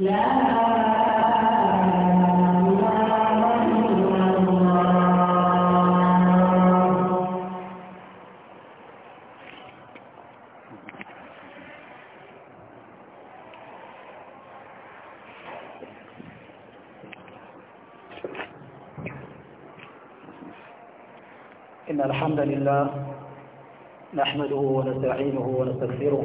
إن الحمد لله نحمده ونستعينه ونستغفره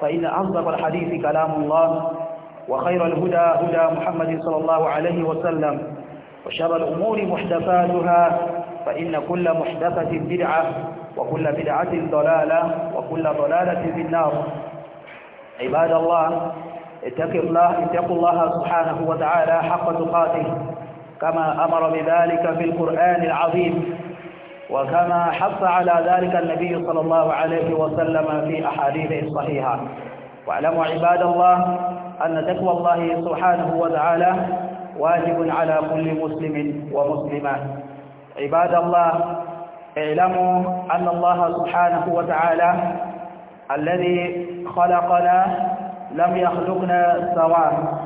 فإن أصدق الحديث كلام الله وخير الهدى هدى محمد صلى الله عليه وسلم وشر الأمور محدثاتها فإن كل محدثة بدعة وكل بدعة ضلالة وكل ضلالة في النار عباد الله اتقوا الله اتقوا الله سبحانه وتعالى حق تقاته كما أمر بذلك في القرآن العظيم وكما حث على ذلك النبي صلى الله عليه وسلم في أحاديثه الصحيحة واعلموا عباد الله أن تقوى الله سبحانه وتعالى واجب على كل مسلم ومسلمة عباد الله اعلموا أن الله سبحانه وتعالى الذي خلقنا لم يخلقنا سواء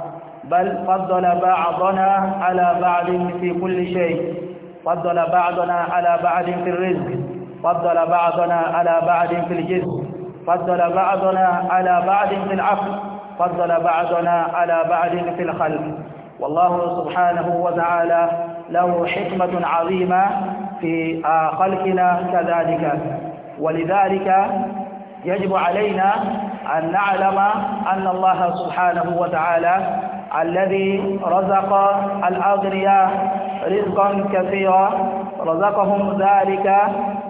بل فضل بعضنا على بعض في كل شيء فضل بعضنا على بعض في الرزق فضل بعضنا على بعض في الجسم فضل بعضنا على بعض في العقل فضل بعضنا على بعض في الخلق والله سبحانه وتعالى له حكمة عظيمة في خلقنا كذلك ولذلك يجب علينا أن نعلم أن الله سبحانه وتعالى الذي رزق الأغنياء رزقا كثيرا رزقهم ذلك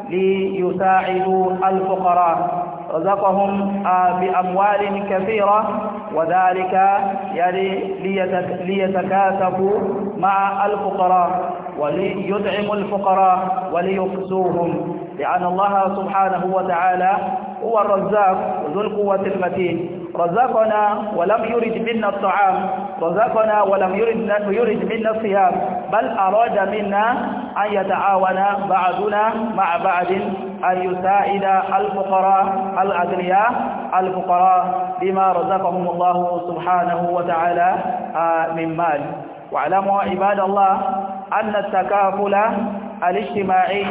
ليساعدوا الفقراء رزقهم آه، بأموال كثيرة وذلك يعني ليتكاتفوا مع الفقراء وليدعموا الفقراء وليكسوهم لأن الله سبحانه وتعالى هو الرزاق ذو القوة المتين رزقنا ولم يرد منا الطعام رزقنا ولم يرد يرد منا الصيام بل أراد منا أن يتعاون بعضنا مع بعض أن يساعد الفقراء الأغنياء الفقراء بما رزقهم الله سبحانه وتعالى آه، من مال واعلموا عباد الله أن التكافل الاجتماعي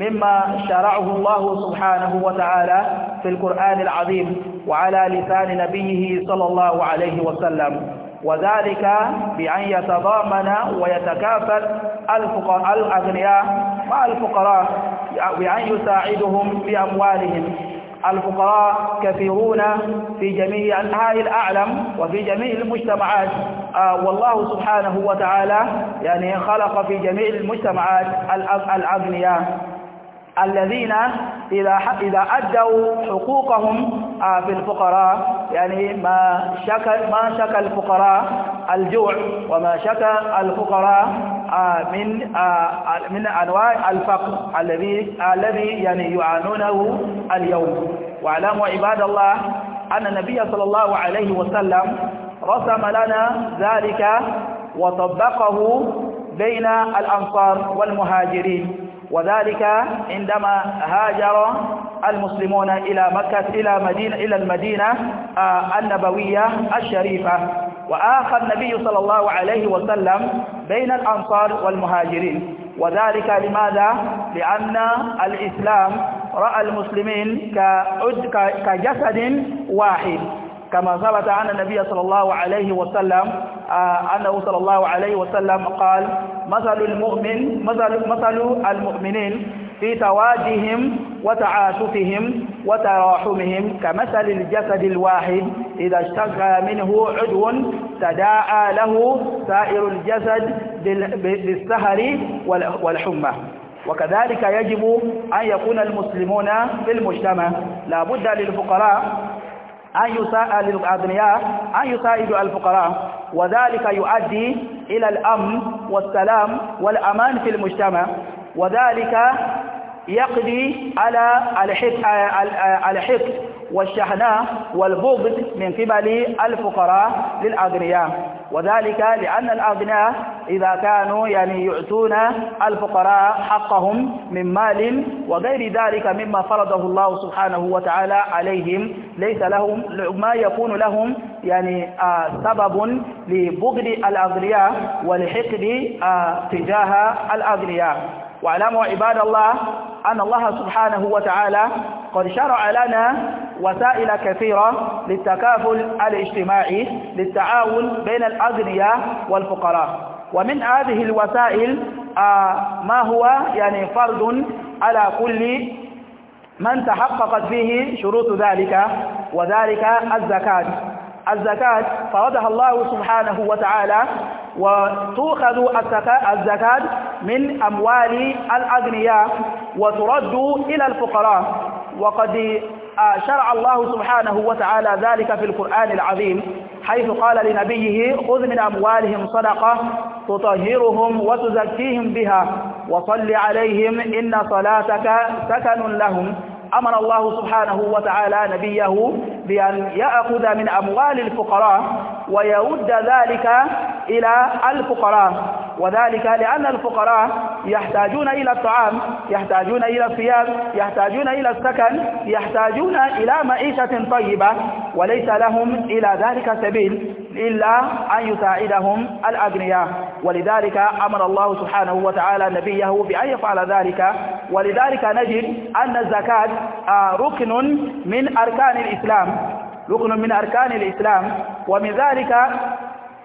مما شرعه الله سبحانه وتعالى في القرآن العظيم وعلى لسان نبيه صلى الله عليه وسلم وذلك بأن يتضامن ويتكافل الفقراء الأغنياء مع الفقراء بأن يساعدهم بأموالهم الفقراء كثيرون في جميع أنحاء الأعلم وفي جميع المجتمعات آه، والله سبحانه وتعالى يعني خلق في جميع المجتمعات الأغنياء الذين إذا إذا أدوا حقوقهم آه، في الفقراء يعني ما شكى ما شكى الفقراء الجوع وما شكى الفقراء آه، من آه، من أنواع الفقر الذي الذي يعني يعانونه اليوم واعلموا عباد الله أن النبي صلى الله عليه وسلم رسم لنا ذلك وطبقه بين الأنصار والمهاجرين وذلك عندما هاجر المسلمون إلى مكة إلى مدينة إلى المدينة آه، النبوية الشريفة وآخى النبي صلى الله عليه وسلم بين الأنصار والمهاجرين وذلك لماذا؟ لأن الإسلام رأى المسلمين كجسد واحد كما ثبت عن النبي صلى الله عليه وسلم آه، أنه صلى الله عليه وسلم قال مثل المؤمن مثل مثل المؤمنين في توادهم وتعاطفهم وتراحمهم كمثل الجسد الواحد إذا اشتكى منه عضو تداعى له سائر الجسد بالسهر والحمى وكذلك يجب أن يكون المسلمون في المجتمع لابد للفقراء أن يساعد للأغنياء أن يساعد الفقراء وذلك يؤدي إلى الأمن والسلام والأمان في المجتمع وذلك يقضي على الحقد والشحناء والبغض من قبل الفقراء للأغنياء وذلك لأن الأغنياء إذا كانوا يعني يعطون الفقراء حقهم من مال وغير ذلك مما فرضه الله سبحانه وتعالى عليهم ليس لهم ما يكون لهم يعني آه سبب لبغض الأغنياء ولحقد آه تجاه الأغنياء واعلموا عباد الله أن الله سبحانه وتعالى قد شرع لنا وسائل كثيرة للتكافل الاجتماعي للتعاون بين الأغنياء والفقراء ومن هذه الوسائل آه، ما هو يعني فرض على كل من تحققت فيه شروط ذلك وذلك الزكاة الزكاة فرضها الله سبحانه وتعالى وتؤخذ الزكاة من أموال الأغنياء وترد إلى الفقراء وقد آه، شرع الله سبحانه وتعالى ذلك في القرآن العظيم حيث قال لنبيه خذ من أموالهم صدقة تطهرهم وتزكيهم بها وصل عليهم إن صلاتك سكن لهم أمر الله سبحانه وتعالى نبيه بأن يأخذ من أموال الفقراء ويرد ذلك إلى الفقراء وذلك لأن الفقراء يحتاجون إلى الطعام يحتاجون إلى الثياب يحتاجون إلى السكن يحتاجون إلى معيشة طيبة وليس لهم إلى ذلك سبيل إلا أن يساعدهم الأغنياء ولذلك أمر الله سبحانه وتعالى نبيه بأن يفعل ذلك ولذلك نجد أن الزكاة آه، ركن من أركان الإسلام ركن من أركان الإسلام ومن ذلك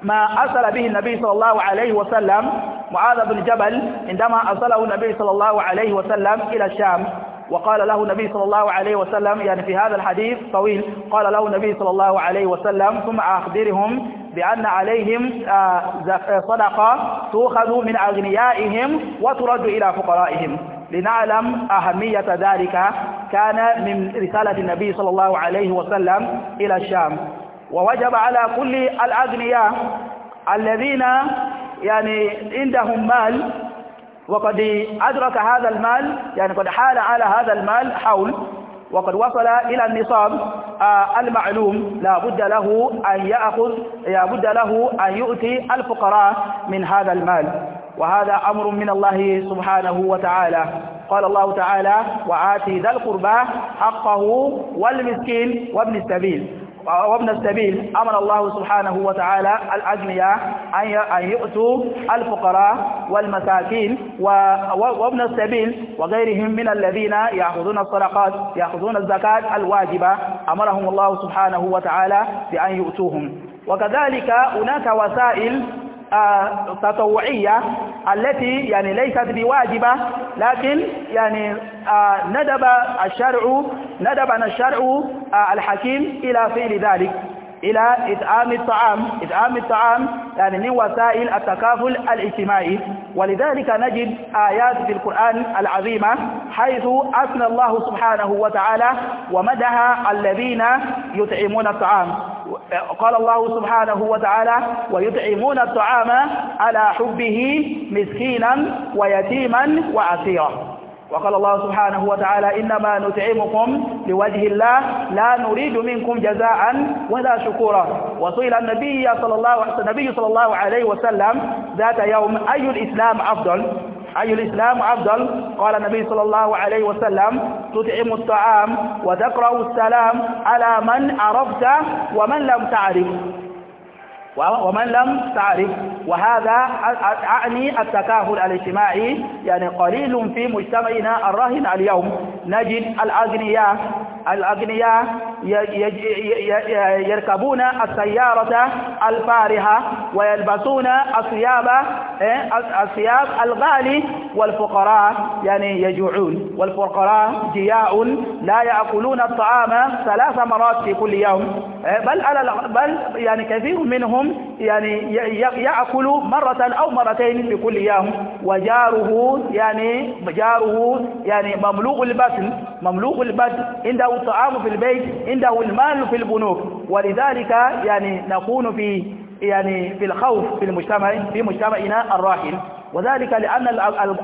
ما أصل به النبي صلى الله عليه وسلم معاذ بن جبل عندما أصله النبي صلى الله عليه وسلم إلى الشام وقال له النبي صلى الله عليه وسلم يعني في هذا الحديث طويل قال له النبي صلى الله عليه وسلم ثم أخبرهم بأن عليهم آه، آه، صدقة تؤخذ من أغنيائهم وترد إلى فقرائهم لنعلم أهمية ذلك كان من رسالة النبي صلى الله عليه وسلم إلى الشام ووجب على كل الأغنياء الذين يعني عندهم مال وقد أدرك هذا المال يعني قد حال على هذا المال حول وقد وصل إلى النصاب آه المعلوم لا بد له أن يأخذ لا بد له أن يؤتي الفقراء من هذا المال وهذا أمر من الله سبحانه وتعالى قال الله تعالى وآتي ذا القربى حقه والمسكين وابن السبيل وابن السبيل أمر الله سبحانه وتعالى الأجنياء أن يؤتوا الفقراء والمساكين وابن السبيل وغيرهم من الذين يأخذون الصدقات يأخذون الزكاة الواجبة أمرهم الله سبحانه وتعالى بأن يؤتوهم وكذلك هناك وسائل آه، تطوعية التي يعني ليست بواجبة لكن يعني آه، ندب الشرع ندبنا الشرع آه، الحكيم إلى فعل ذلك إلى إطعام الطعام إطعام الطعام يعني من وسائل التكافل الاجتماعي ولذلك نجد آيات في القرآن العظيمة حيث أثنى الله سبحانه وتعالى ومدها الذين يطعمون الطعام قال الله سبحانه وتعالى ويطعمون الطعام على حبه مسكينا ويتيما وعسيرا وقال الله سبحانه وتعالى إنما نطعمكم لوجه الله لا نريد منكم جزاء ولا شكورا وسئل النبي صلى الله النبي صلى الله عليه وسلم ذات يوم أي الإسلام أفضل أي الإسلام أفضل قال النبي صلى الله عليه وسلم تطعم الطعام وتقرأ السلام على من عرفت ومن لم تعرف ومن لم تعرف وهذا أعني التكافل الاجتماعي يعني قليل في مجتمعنا الراهن اليوم نجد الأغنياء الأغنياء يركبون السيارة الفارهة ويلبسون الثياب إيه؟ الثياب الغالي والفقراء يعني يجوعون والفقراء جياع لا يأكلون الطعام ثلاث مرات في كل يوم إيه؟ بل على بل يعني كثير منهم يعني يأكل مرة أو مرتين في كل يوم وجاره يعني جاره يعني مملوء البطن مملوء البطن عنده عنده الطعام في البيت عنده المال في البنوك ولذلك يعني نكون في يعني في الخوف في المجتمع في مجتمعنا الراحل وذلك لأن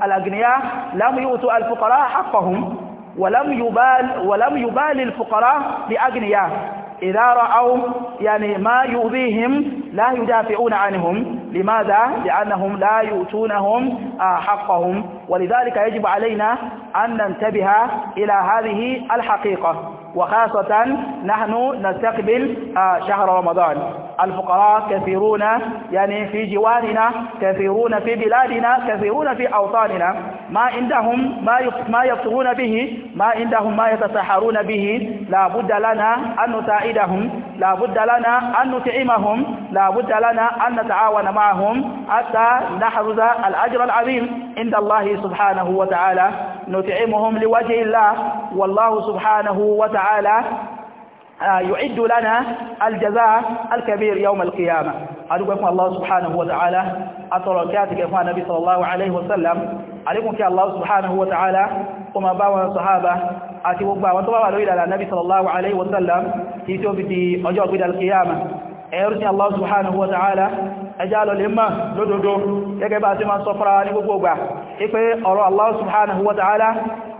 الأغنياء لم يؤتوا الفقراء حقهم ولم يبال ولم يبال الفقراء لأغنياء إذا رأوا يعني ما يؤذيهم لا يدافعون عنهم لماذا؟ لأنهم لا يؤتونهم آه، حقهم ولذلك يجب علينا أن ننتبه إلى هذه الحقيقة وخاصة نحن نستقبل آه، شهر رمضان الفقراء كثيرون يعني في جوارنا كثيرون في بلادنا كثيرون في أوطاننا ما عندهم ما ما يفطرون به ما عندهم ما يتسحرون به لا بد لنا أن نساعدهم لا بد لنا أن نطعمهم لا بد لنا أن نتعاون معهم حتى نحرز الأجر العظيم عند الله سبحانه وتعالى نطعمهم لوجه الله والله سبحانه وتعالى يعد لنا الجزاء الكبير يوم القيامة أدوكم الله سبحانه وتعالى أتركاتك إخوان نبي صلى الله عليه وسلم عليكم كي الله سبحانه وتعالى وما باوى الصحابة أتوبى وانتبابى إلى النبي صلى الله عليه وسلم في توبة أجوب إلى القيامة ẹ̀rùsí Allah subhanahu wa ta'ala ẹjá lọ lè máa lódòdó gẹ́gẹ́ bá sí máa sọ fara ní gbogbo ọgbà ipé ọ̀rọ̀ Allah subhanahu wa ta'ala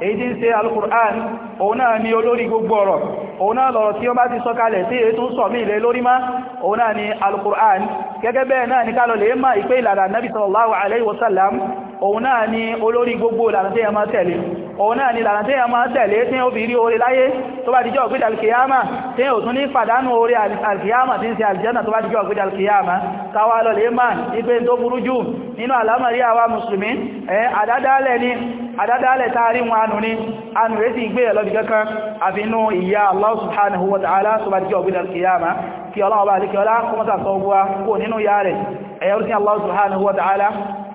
èyí tí ń ṣe al-Qur'an òun náà ni olórí gbogbo ọ̀rọ̀ òun náà lọ̀rọ̀ tí ó bá ti sọ̀kalẹ̀ tí ètò sọ̀mí ilẹ̀ lórí má òun náà ni al-Qur'an gẹ́gẹ́ bẹ́ẹ̀ náà ni kálọ̀ lè máa ìpé ìlànà nabi sallallahu alaihi wasallam òun náà ni olórí gbogbo ìlànà tí a máa tẹ̀lé òun náà ni ìlànà tí a máa tẹ̀lé tí ó fi rí oore láyé tó bá dijọ́ ògbédà alkiyama tí ó tún ní fàdánù oore alkiyama tí ń ṣe aljanna tó bá dijọ́ ògbédà alkiyama káwà lọ lè máa ní pé tó burú jù nínú àlámọ̀rí àwa mùsùlùmí àdádálẹ̀ ni àdádálẹ̀ taari wọn anù ni anù rẹ̀ sì gbé ẹ̀lọ́bì kankan àfinú ìyá Allah subhanahu wa ta'ala tó bá dijọ́ ògbédà alkiyama kí ọlọ́wọ́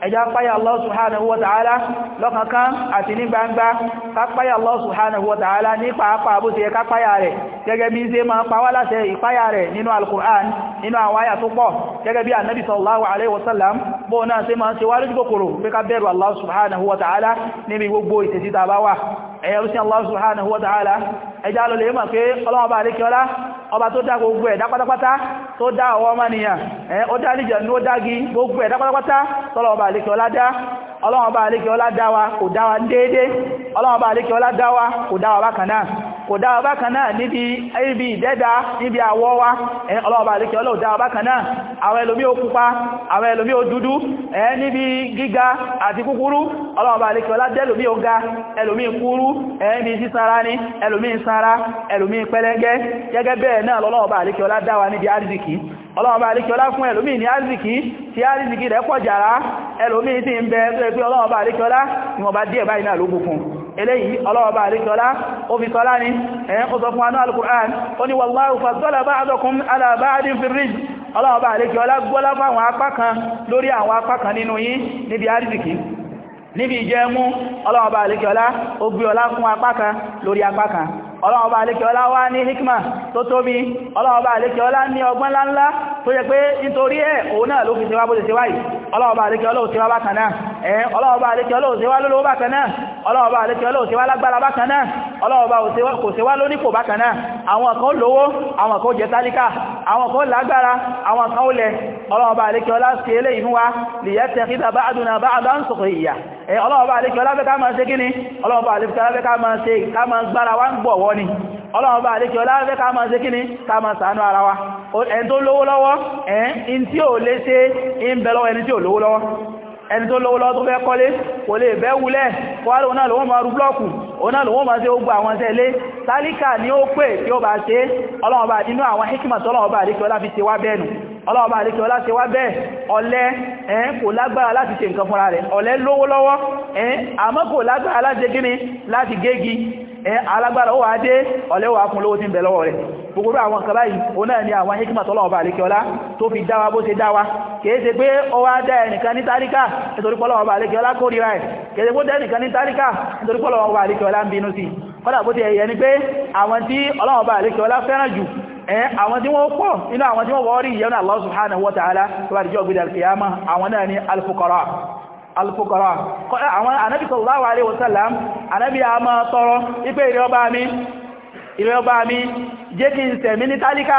ẹjá páyà Allah subhanahu wa ta'ala lọ́kankan àti ní gbangba kápáyà Allah subhanahu wa ta'ala ní pàápàá bó ti yẹ kápáyà rẹ̀ gẹ́gẹ́ bí ṣe máa pàwà láṣẹ ìpáyà rẹ̀ nínú al-Qur'an nínú àwọn àyà tó pọ̀ gẹ́gẹ́ bí annabi ẹ̀yẹ rúsí Allah subhanahu wa ta'ala ẹjá lọ lè mọ̀ pé ọlọ́ọ̀bá àríkẹ́ọlá ọba tó dá gbogbo ẹ̀dá pátápátá tó dá ọwọ́ ọmọnìyàn ẹ̀ ó dá níjẹ̀ ní ó gbogbo ẹ̀dá pátápátá tọ́lọ̀ọ̀bá wa wa kò dáa bákan náà níbi ibi ìdẹ́dá níbi àwọ̀ wa ọlọ́ọ̀bà àríkẹ́ ọlọ́ọ̀ dáa bákan náà àwọn ẹlòmí pupa àwọn ẹlòmí ó dúdú níbi gíga àti kúkúrú ọlọ́ọ̀bà àríkẹ́ ọlá dẹ́lòmí ga ní ọlọ́ọ̀bá àríkíọlá fún ní àríkí tí àríkí rẹ̀ pọ̀ jàrá tí ń eléyìí ọlọ́ọ̀bá àríkọlá ó fi sọlá ní ẹ̀yẹn kó sọ fún anú al-Qur'an ó ní wallahu faddala ba'dakum ala ba'din fi rizq ọlọ́ọ̀bá àríkọlá gbọ́lá fáwọn apá kan lórí àwọn apá kan nínú yín níbi àrísìkí níbi ìjẹmú ọlọ́ọ̀bá àríkọlá ó gbé ọlá fún apá kan lórí apá kan ọlọ́ọ̀bá alékiọlá wá ní hikma tó tóbi ọlọ́ọ̀bá alékiọlá ní ọgbọ́n láńlá tó yẹ pé nítorí ẹ̀ òun náà ló fi ṣe wá bó ṣe wáyìí ọlọ́ọ̀bá alékiọlá ò ṣe wá bákan náà ẹ̀ ọlọ́ọ̀bá alékiọlá ò ṣe wá lólówó bákan náà ọlọ́ọ̀bá alékiọlá ò ṣe wá lágbára bákan náà ọlọ́ọ̀bá kò ṣe wá lónípò bákan náà àwọn kan lówó àwọn kan jẹ tálíkà àwọn kan lágbára àwọn kan olẹ̀ ọlọ́ọ̀bá alékiọlá ṣe eléyìí fún wa liyattakhidha ba'duna ba'dan sukhriya ọlọ́ọ̀bá alékiọlá fẹ́ ká lọ́wọ́ ni ọlọ́ọ̀bá àdékẹ́ ọláwẹ́ ká máa ṣe kíní ká máa ṣàánú ara wa ẹni tó lówó lọ́wọ́ ẹ̀yìn tí ò lé ṣe ń bẹ lọ́wọ́ ẹni tí ò lówó lọ́wọ́ ẹni tó lówó lọ́wọ́ tó fẹ́ kọ́lé kò lè bẹ́ wulẹ̀ kọ́wàá òun náà lòun máa rú blọ́ọ̀kù òun náà lòun máa ṣe ó gbọ́ àwọn tẹ́lé tálíkà ni ó pè tí ó bá ṣe ọlọ́ọ̀bá nínú àwọn hikima tọ́lọ́ọ̀bá àdékẹ́ ọlá fi ti wá bẹ́ẹ̀nù ọlọ́ọ̀bá àríkẹ́ ọlá ṣe wá bẹ́ẹ̀ ọ̀lẹ ẹ̀ẹ́n kò lágbára láti ṣe nǹkan fúnra rẹ̀ alágbára ó wà dé ọ̀lẹ́ wà fún lówó tí ń bẹ lọ́wọ́ rẹ̀ gbogbo àwọn nǹkan báyìí òun náà ni àwọn hikima tọ́lọ̀ ọba àlékiọlá tó fi dáwa bó ṣe dáwa kìí pé ó wá dá ẹnìkan ní táríkà nítorí pọ́lọ̀ ọba àlékiọlá kórìíra àwọn tí wọ́n pọ̀ inú àwọn tí wọ́n wọ́ọ́rí ìyẹn Allah subhanahu wa ta'ala tó bá dìjọ́ gbé dàrkìyàmá àwọn náà ni al alfukọ̀rọ̀ eh, àwọn anábi sallallahu alaihi wasallam anábi a máa tọrọ ipé ìrẹ́ ọba mi jẹ́ kí n ṣẹ̀mí ní tálíkà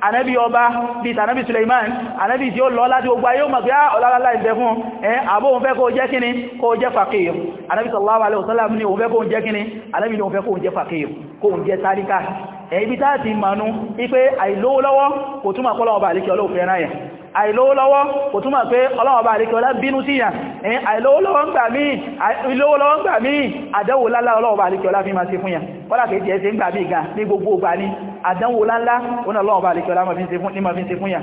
ànábì ọba bí tànábì Suleiman ànábì tí ó lọ láti gbogbo ayé mọ̀ pé ah, ọlọ́lá ìbẹ̀ fún ẹ àbó òun fẹ́ kó jẹ́ kíni kó jẹ́ fàkíyàn ànábì sallallahu alaihi wasallam ní òun fẹ́ kó jẹ́ kíni ànábì ní òun fẹ́ kó jẹ́ fàkíyàn kó jẹ́ tálíkà ẹ̀bí tá ti mọ̀nú ipé àìlówó lọ́wọ́ kò túnmà kọ́lọ̀ ọba àríkẹ́ ọlọ́wọ́ fẹ́ràn yẹn àìlówó lọ́wọ́ kò túnmà pé ọlọ́wọ́ ọba àríkẹ́ ọlá bínú sí yàn àìlówó lọ́wọ́ ń gbà mí àdẹ́wò lálá ọlọ́wọ́ ọba àríkẹ́ ọlá fi máa ṣe fún yàn kọ́lá kèé jẹ́ ṣe ń gbà mí gan ní gbogbo ìgbà ni àdánwò láńlá ó náà lọ́wọ́ bá lè kẹ́lá ní ma fi ń ṣe fún yà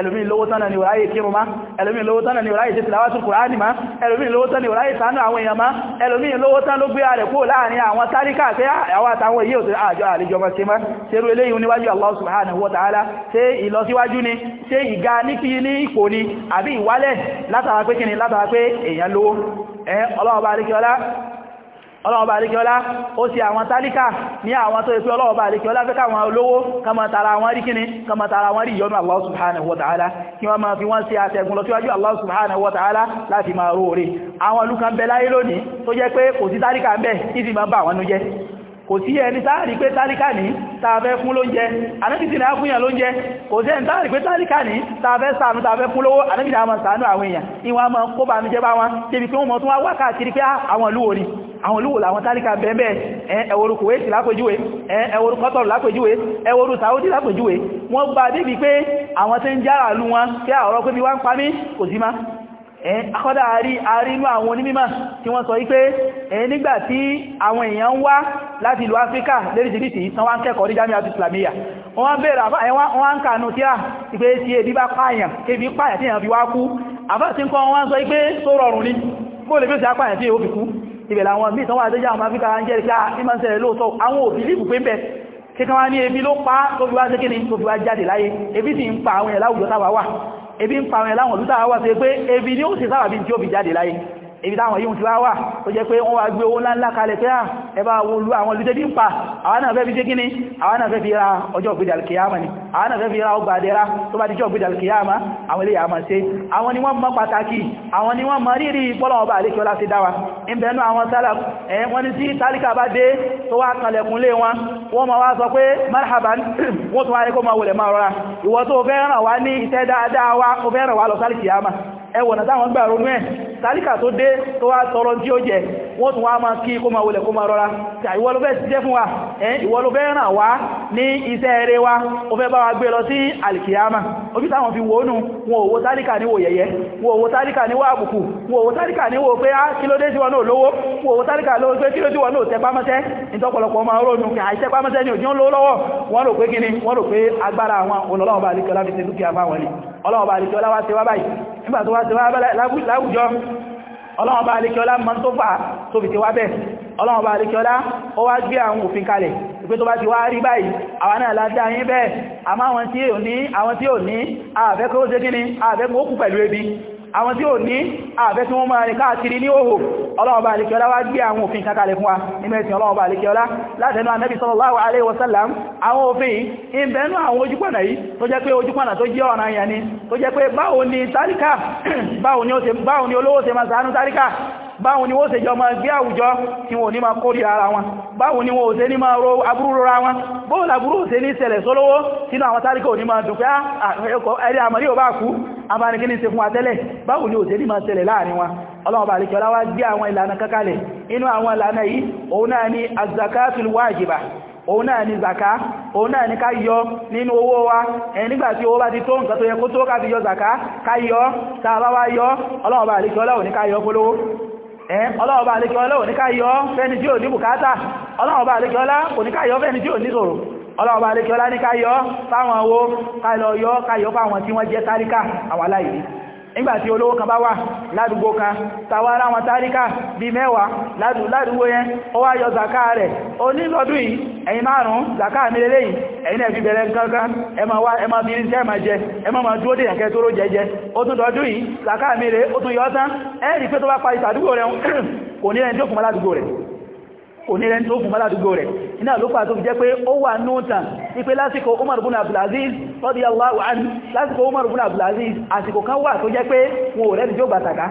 ẹlòmí lówó tánà ni òráyè kírun má ẹlòmí lówó tánà ni òráyè títí láwásù kùránì má ẹlòmí lówó tánà ni òráyè sánú àwọn èèyàn má ẹlòmí lówó tán ló gbé rẹ̀ kúrò láàrin àwọn tálíkà pé àwọn àtàwọn èyí òsè àjọ àlejò ọmọ ṣe má ṣerú eléyìí níwájú Allah subhanahu wa ta'ala ṣe ìlọsíwájú ni ṣe ìga ọlọ́ọ̀bà àríkíọlá ó sì àwọn tálíkà ní àwọn tó ìpé ọlọ́ọ̀bà àríkíọlá fẹ́ káwọn olówó kama tara wọn rí kíni kama tara wọn rí ìyọnu Allah subhanahu wa ta'ala kí wọ́n máa fi wọ́n sí àtẹ̀gùn lọ síwájú Allah subhanahu wa ta'ala láti máa róore àwọn olùkan bẹ kò sí ẹni táàrí pé tálíkà ní tààfẹ́ fún lóúnjẹ anábìsí náà fún yàn lóúnjẹ kò sí ẹni táàrí pé tálíkà ní tààfẹ́ ṣàánú tààfẹ́ fún lówó anábìsí náà máa ṣàánú àwọn èèyàn ìwọ̀n máa kó bá mi jẹ́ bá wọn débi pé wọ́n mọ̀ tún wá wákàkiri pé ah, àwọn olúwo ni àwọn olúwo làwọn tálíkà bẹ́ẹ̀bẹ́ ẹwọ́rù kuwait lápẹjúwe ẹwọ́rù qatar lápẹjúwe ẹwọ́rù saudi lápẹjúwe wọ́n bá débi pé àwọn tí ń jára lú wọn kí àọ̀rọ̀ ah, pé bí wá ń pa mí kò sí má akọ́dá àrínú àwọn onímímọ̀ tí wọ́n sọ wípé ẹ̀yìn nígbàtí àwọn èèyàn ń wá láti ìlú Áfíríkà léríṣìíríṣìí tán wá ń kẹ́kọ̀ọ́ ní Jami'at Islamiyya wọ́n bèèrè wọ́n ń kànú tí à ìpé tí ebi bá pààyàn kébí pààyàn tí èèyàn fi wá kú àfáàtí ń kọ́ wọ́n sọ wípé tó rọrùn ní bóòlè bí ó ti apààyàn tí èèyàn fi kú ìbẹ̀lẹ̀ ah, àwọn míì tán wà àtẹ́jà àwọn Áfíríkà ń jẹ́rìí pé ìmọ̀ ebi ń pa àwọn ẹ̀láwọn òlútà wá sí pé ebi ni ó sì sábàbí tí ó fi jáde láyé ibi táwọn yíò ti wá wà tó jẹ́ pé wọ́n wá gbé owó ńláńlá kalẹ̀ pé à ah, ẹbá olú àwọn olùdé bí ń pa àwọn náà fẹ́ fi jẹ́ gíní àwọn náà fẹ́ fi ra ọjọ́ ògbèdè alkiyama ni àwọn náà fẹ́ fi ra ọgbà àdẹ́ra tó bá díjọ́ ògbèdè alkiyama àwọn ilé yàmà ṣe àwọn ni wọ́n mọ̀ pàtàkì àwọn ni wọ́n mọ̀ rírì bọ́lọ̀ọba àlékiọlá ẹwọ̀nà táwọn gbà ronú ẹ̀ tàríkà tó dé tó wá tọrọ tí ó jẹ wọ́n tún wá máa kí kó máa wọlẹ̀ kó máa rọra ìwọ ló fẹ́ ṣiṣẹ́ fún wa ẹ̀yìn ìwọ ló fẹ́ ràn wá ní iṣẹ́ eré wa ó fẹ́ bá wa gbé lọ sí alìkìyàmà ojú táwọn fi wòónù wọn òwò tàríkà níwò yẹ̀yẹ́ wọn òwò tàríkà níwò àbùkù wọn òwò tàríkà níwò pé á ah, kí ló dé sí wọn náà lówó wọn òwò tàríkà lówó pé kí ló dé wọn náà tẹpámọ́tẹ́ ìtọ́pọ̀lọpọ̀ máa rónú bá àríkẹ́ ọlọ́wọ́ bá wá báyìí nígbà wá ṣe wá láwùjọ ọlọ́wọ́ bá alékiọlá mọ́ tó fà tó fi ti wá bẹ́ ọlọ́wọ́ bá alékiọlá ó wá gbé àwọn òfin kalẹ̀ ìpé tó bá ti wá rí báyìí àwọn náà láti ayé bẹ́ẹ̀ àmọ́ àwọn tí ò ní àwọn tí ò ní àfẹ́kọ́ ó ṣe kíni àfẹ́kọ́ ó kú pẹ̀lú ebi àwọn tí ó ní ààfẹ́ tí wọ́n máa rìn káàkiri ní òhù ọlọ́ọ̀bá àríkẹ́ọlá wá gbé àwọn òfin kakalẹ̀ fún wa nínú ẹ̀sìn ọlọ́ọ̀bá àríkẹ́ọlá látẹnu ànábì sallallahu alaihi wasallam àwọn òfin báwo ni wọ́n ṣe jọ máa gbé àwùjọ tí wọ́n ní máa kórìíra ara wọn báwo ni wọ́n ò ṣe ní máa ro aburú rora wọn bóò làbúrú ò ṣe ní ṣẹlẹ̀ sólówó sínú àwọn tálíkà ní máa dùn pé ah, ah, ẹ̀rí àmàrí ò bá kú ni ò ṣe ní máa láàrin wọn òun náà ni zaka òun náà ni ká yọ nínú owó wa ẹni owó bá ti tó nǹkan yọ zaka ká yọ yọ àríkẹ́ ká ọlọ́ọ̀bá àlékẹ́ ọlá oníkáyọ́ fẹ́ni tí ò ní bùkátà ọlọ́ọ̀bá àlékẹ́ ọlá oníkáyọ́ fẹ́ni tí ò ní sọ̀rọ̀ ọlọ́ọ̀bá àlékẹ́ ọlá ní káyọ́ fáwọn owó káyọ́ káyọ́ fáwọn tí wọ́n jẹ́ táríkà àwọn aláìní nígbàtí olówó kan bá wà ládùúgbò kan tàwárá wọn táríkà bí mẹ́wàá ládùúgbò yẹn ó wá yọ zaka rẹ̀ ó ní lọ́dún yìí ẹ̀yin márùn-ún zaka mi lélẹ́yìn ẹ̀yin ẹ̀fí kankan ẹmọ ma jẹ ẹmọ ma dúró dìyànkẹ́ tó ró zaka mi rẹ̀ ó tún yọ tán ẹ̀rì pé tó bá parí tàdúgbò rẹ̀ onírẹ́ tó fún mọ́ládúgbò rẹ̀ iná ló pàtó jẹ́ pé ó wà nútàn ní pé lásìkò Umar bin Abdulaziz radiyallahu anhu lásìkò Umar bin Abdulaziz àsìkò kan wà tó jẹ́ pé wọn ò rẹ́ni jó gbàtàkà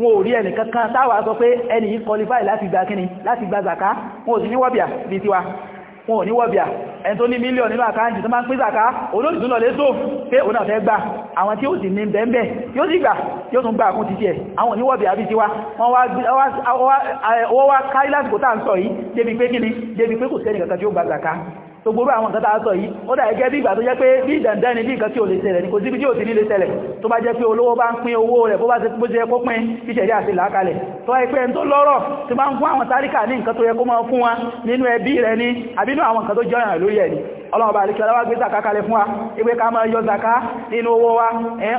wọn ò rí ẹni kankan táwà sọ pé ẹni yìí qualify láti gba kíni láti gba zaka wọn ò sí ní wọ́bíà bí tiwa wọn ò ní wọ́bíà ẹni tó ní mílíọ̀n nínú àkáǹtì tó máa ń pín zàká olóòtú lọ létò pé òun náà fẹ́ gbà àwọn tí ó sì ní bẹ̀ẹ̀bẹ̀ yóò sì gbà tí ó tún gbà kún títí ẹ̀ àwọn oníwọ̀bíà bí tiwa wọ́n wá kárí lásìkò tá à ń sọ yìí débi pé kíni débi pé kò sẹ́nì kankan tí ó gba zàká tó gbogbo àwọn ǹkan tàà sọ yìí ó dà gẹ́gẹ́ bí ìgbà tó jẹ́ pé bí ìdàndá ni bí nǹkan tí ò lè ṣẹlẹ̀ ní kò síbi tí ò sí ní lè ṣẹlẹ̀ tó bá jẹ́ pé olówó bá ń pín owó rẹ̀ bó bá ṣe bó ṣe kó pín bí ṣẹ̀rí àti làákalẹ̀ tó ẹ pé ẹni tó lọ́rọ̀ tí bá ń fún àwọn táríkà ní nǹkan tó yẹ kó máa fún wa nínú ẹbí rẹ̀ ọlọ́ọ̀bà àríkẹ́lá wá gbé zaka kalẹ̀ fún wa ìgbé ká máa yọ zaka nínú owó wa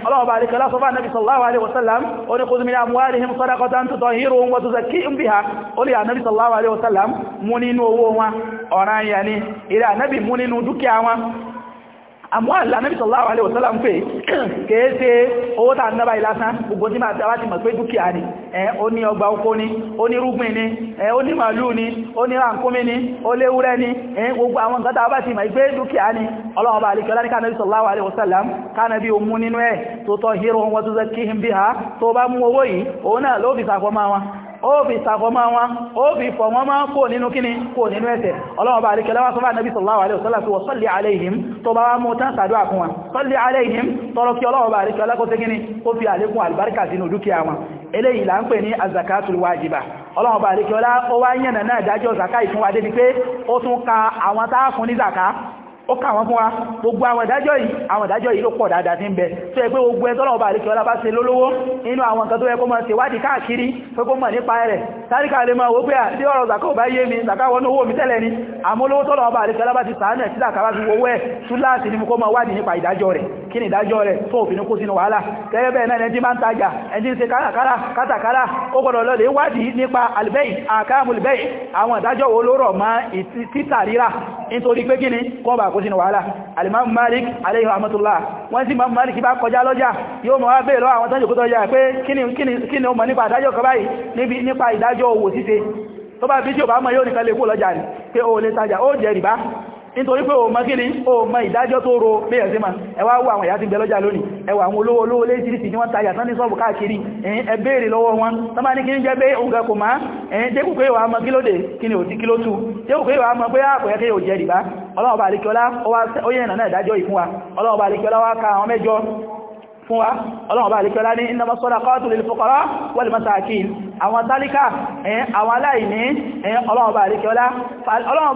ọlọ́ọ̀bà àríkẹ́lá sọ fún Ànábì sallallahu alaihi wasallam ó ní khudh min amwalihim sadaqatan tutahhiruhum wa tuzakkihim biha ó ní Ànábì sallallahu alaihi wasallam mú nínú àmúhàn lànàbì sallallahu alaihi wasallam ń pè kèé ṣe owó tàà náà báyìí lásán gbogbo tí máa tàbá ti mọ̀ pé dúkìá ni ó ní ọgbà oko ni ó ní rúgbìn ni ó ní màálù ni ó ní ràǹkúnmí ni ó léwúrẹ́ ni gbogbo àwọn nǹkan tàbá ti mọ̀ pé dúkìá ni ọlọ́run bá àlekẹ́ sallallahu alaihi wasallam kánàbì ó mú nínú ẹ̀ tó tọ́ hírò wọn tó zẹ́kí him bí ha tó bá ó fi sàfọ́mọ́ wọn ó fi fọ̀ wọ́n máa kó nínú kíni kó nínú ẹ̀ṣẹ̀ ọlọ́wọ́ bá lọ́wọ́ sọ́fà nàbí sallallahu alaihi wasallam fi wọ́n salli alaihim tó bá wá mú tán sàdúwà fún wọn salli alaihim tọrọ kí ọlọ́wọ́ bá alékẹ́ ọlọ́kọ́ kíni ó fi àlékún àlùbáríkà sínú dúkìá wọn eléyìí là ń pè ní azakatul wajiba ọlọ́wọ́ bá alékẹ́ ọlá ó ká wọn fún wa gbogbo àwọn ìdájọ́ yìí àwọn ìdájọ́ yìí ló pọ̀ dáadáa tí ń bẹ tó ẹgbẹ́ gbogbo ẹ̀tọ́ lọ́wọ́ bá àríkẹ́ ọlá bá ṣe lólówó inú àwọn nǹkan tó yẹ kó máa ṣe wádìí káàkiri pé kó mọ̀ nípa rẹ̀ táríkà lè máa wó pé àti ọ̀rọ̀ zàkọ́ bá yé mi zàkà wọnú owó mi tẹ́lẹ̀ ni àmúlówó tó lọ́wọ́ bá àríkẹ́ ọlá bá ti sàánù ẹ̀ sídà kàbá fi wowó ni kó máa wádìí nípa ìdájọ́ rẹ̀ kí ni ìdájọ́ rẹ̀ tó kó sínú wàhálà alimam malik aleyhi rahmatullah wọ́n sí imam malik bá kọjá lọ́jà yóò mọ̀ wá bèèrè lọ́wọ́ àwọn tánjò kó tọ́jà pé kí ni ó mọ̀ nípa ìdájọ́ kan báyìí nípa ìdájọ́ owó ṣíṣe tó bá bí tí o bá mọ̀ yóò nìkan lè kó lọ́jà ni pé ó lè tajà ó jẹ rìbá nítorí pé o mọ́ kí ni o mọ́ ìdájọ́ tó ro bẹ́ẹ̀ sí ma ẹwà wọ àwọn ìyá ti bẹ lọ́jà lónìí ẹwà àwọn olówó olówó léjìrìsì ni wọ́n tajà tán ní sọ́ọ̀bù káàkiri ẹ̀yìn ẹbẹ̀rẹ̀ lọ́wọ́ wọn tọ́mà ní kí ń jẹ́ pé oúnjẹ kò máa ẹ̀yìn jẹ́kù pé wà mọ́ kílódé kí ni òtí kílótù jẹ́kù pé wà mọ́ pé àpòyẹ́ kí yóò jẹ́ rìbá ọlọ́ọ̀bà àríkíọlá ó yẹ̀ nà fún wa ọlọ́run bá alékọ́lá ní iná masọ́lá kọ́tù lè fòkọ́rọ́ wọ́lì masakin àwọn tálíkà àwọn aláìní ọlọ́run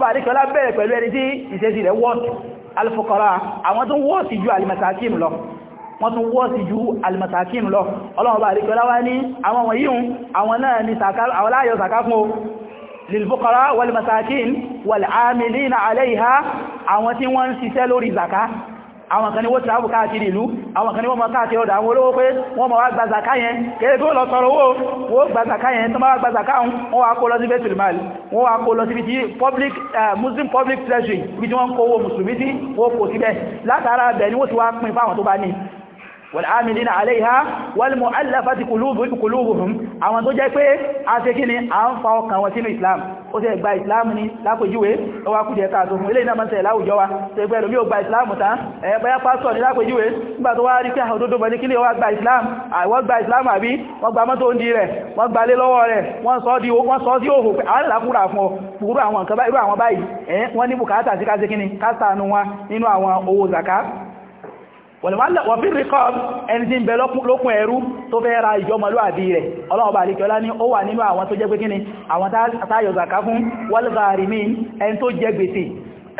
bá alékọ́lá bẹ̀rẹ̀ pẹ̀lú ẹni tí ìṣẹ́sì rẹ̀ wọ́t alfòkọ́rọ́ àwọn tó wọ́t ju alimasakin lọ wọ́n tún wọ́ sí ju alìmọ̀sàkín lọ ọlọ́run bá àríkọ́lá wá ní àwọn wọ̀nyíhun àwọn náà ni àwọn láyọ̀ sàkákún o àwọn kan ni wọ́n travel káàkiri ìlú àwọn kan ni wọ́n ma káàkiri ọ̀dọ̀ àwọn olówó pé wọ́n ma wá gbazaka yẹn kéré tó lọ sọ̀rọ̀ owó wọ́n gbazaka yẹn tó ma wá wọ́n wá kó lọ sí Baitul wọ́n wá kó lọ sí public eh, Muslim public treasury ibi tí wọ́n kó owó mùsùlùmí sí wọ́n kò síbẹ̀ والعاملين عليها والمؤلفات قلوب قلوبهم àwọn tó jẹ́ pé a ṣe kíni a ń fa ọkàn wọn sínú islam ó ṣe gba islam ni lápèjúwe ó wá kúdẹ̀ káàtò fún eléyìí náà máa ń ṣẹlẹ̀ láwùjọ wa ṣe pé ẹlòmí ó gba islam tán ẹ bóyá pásítọ̀ ní lápèjúwe nígbà tó wá rí pé òdodo mọ̀ ní kíni ó wá gba islam àwọn gba islam àbí wọ́n gba mọ́tò oúnjẹ rẹ̀ wọ́n gba lé lọ́wọ́ rẹ̀ wọ́n sọ sí òhò pé àwọn làkúrà fún ọ kúrú àwọn nǹkan irú àwọn báyìí wọ́n ní bùkátà sí ká ṣe kíni ká ṣàánú wọn nínú àwọn owó zaka wọ̀fí rikọ́m ẹni tí ń bẹ lókun ẹrú tó fẹ́ ra ìjọmọlúwàbí rẹ̀ ọlọ́ọ̀bà àríkẹ́ọlá ní ó wà nínú àwọn tó jẹ́ pé kíni àwọn táyọ̀ zàká fún wọ́lgàrímín ẹni tó jẹ gbèsè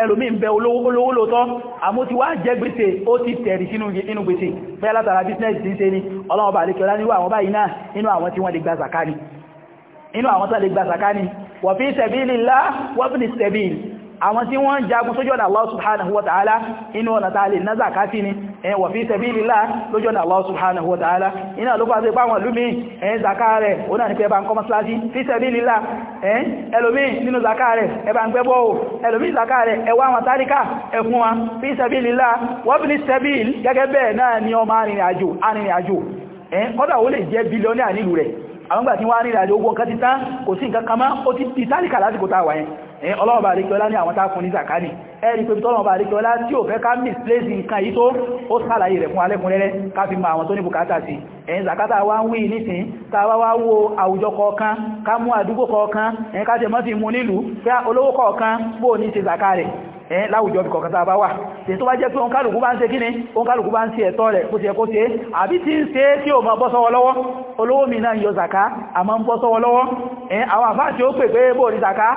ẹlòmí ń bẹ olówó lóòtọ́ àmọ́ ti wá jẹ gbèsè ó ti tẹ̀rì sínú gbèsè bẹ́ẹ̀ látara bísínẹ̀sì tí ń ṣe ni ọlọ́ọ̀bà àríkẹ́ọlá nínú àwọn báyìí náà nínú àwọn tí wọ́n lè gba zàká ni àwọn tí wọ́n ń jagun sójú ọ̀nà Allah subhanahu wa ta'ala inú ọ̀nà tààlì na zakati ni ẹ wà fi sabilillah lójú ọ̀nà Allah subhanahu wa ta'ala iná ló pàṣẹ pàwọn lúmi ẹ zaka rẹ̀ ó náà ní pé ẹbá ń kọ́ mọ́sílájí fi sabilillah ẹ ẹlòmí nínú zaka rẹ̀ ẹbá ń gbẹ́ bọ́ọ̀ ẹlòmí zaka rẹ̀ ẹwà àwọn táríkà ẹkún wa fi sabilillah wọ́n fi ní sabil gẹ́gẹ́ bẹ́ẹ̀ náà ni ọmọ arìnrìnàjò arìnrìnàjò ẹ kọ́dà ó lè jẹ́ bílíọ́nì àwọn gbà tí wọ́n arìnrìnàjò ogun kan ti kò sí nǹkan kan mọ́ ó ti tálíkà lásìkò táwà yẹn Eh, ọlọ́ọ̀bà àríkẹ́ọlá ní àwọn tákùn ní zakani ẹ̀rí pé tọ́lọ̀ọ̀bà àríkẹ́ọlá tí ò fẹ́ ká mìsílẹ́sì nǹkan yìí tó ó sàlàyé rẹ̀ fún alẹ́kùnrẹ́rẹ́ ká fi mọ àwọn tó ní bùkátà sí ẹ̀yìn zakata wá ń wí nísìn tàbá wá wo àwùjọ kọ̀ọ̀kan ká mú àdúgbò kọ̀ọ̀kan ẹ̀yìn ká tẹ̀ mọ́ fi mú nílùú fẹ́ olówó kọ̀ọ̀kan bóò ní ṣe zaka ẹ̀ láwùjọ bí kọ̀ọ̀kan tá a bá wà tí tó bá jẹ́ pé òǹkàlùkù bá ń ṣe kíni òǹkàlùkù bá ń ṣe ẹ̀tọ́ rẹ̀ kó ṣe kó ṣe àbí tí ń ṣe tí ò máa bọ́ sọ́wọ́ lọ́wọ́ olówó mi náà yọ zàká àmọ́ ń bọ́ sọ́wọ́ lọ́wọ́ ẹ̀ àwọn àfáà tí ó pè pé bóòrí zàká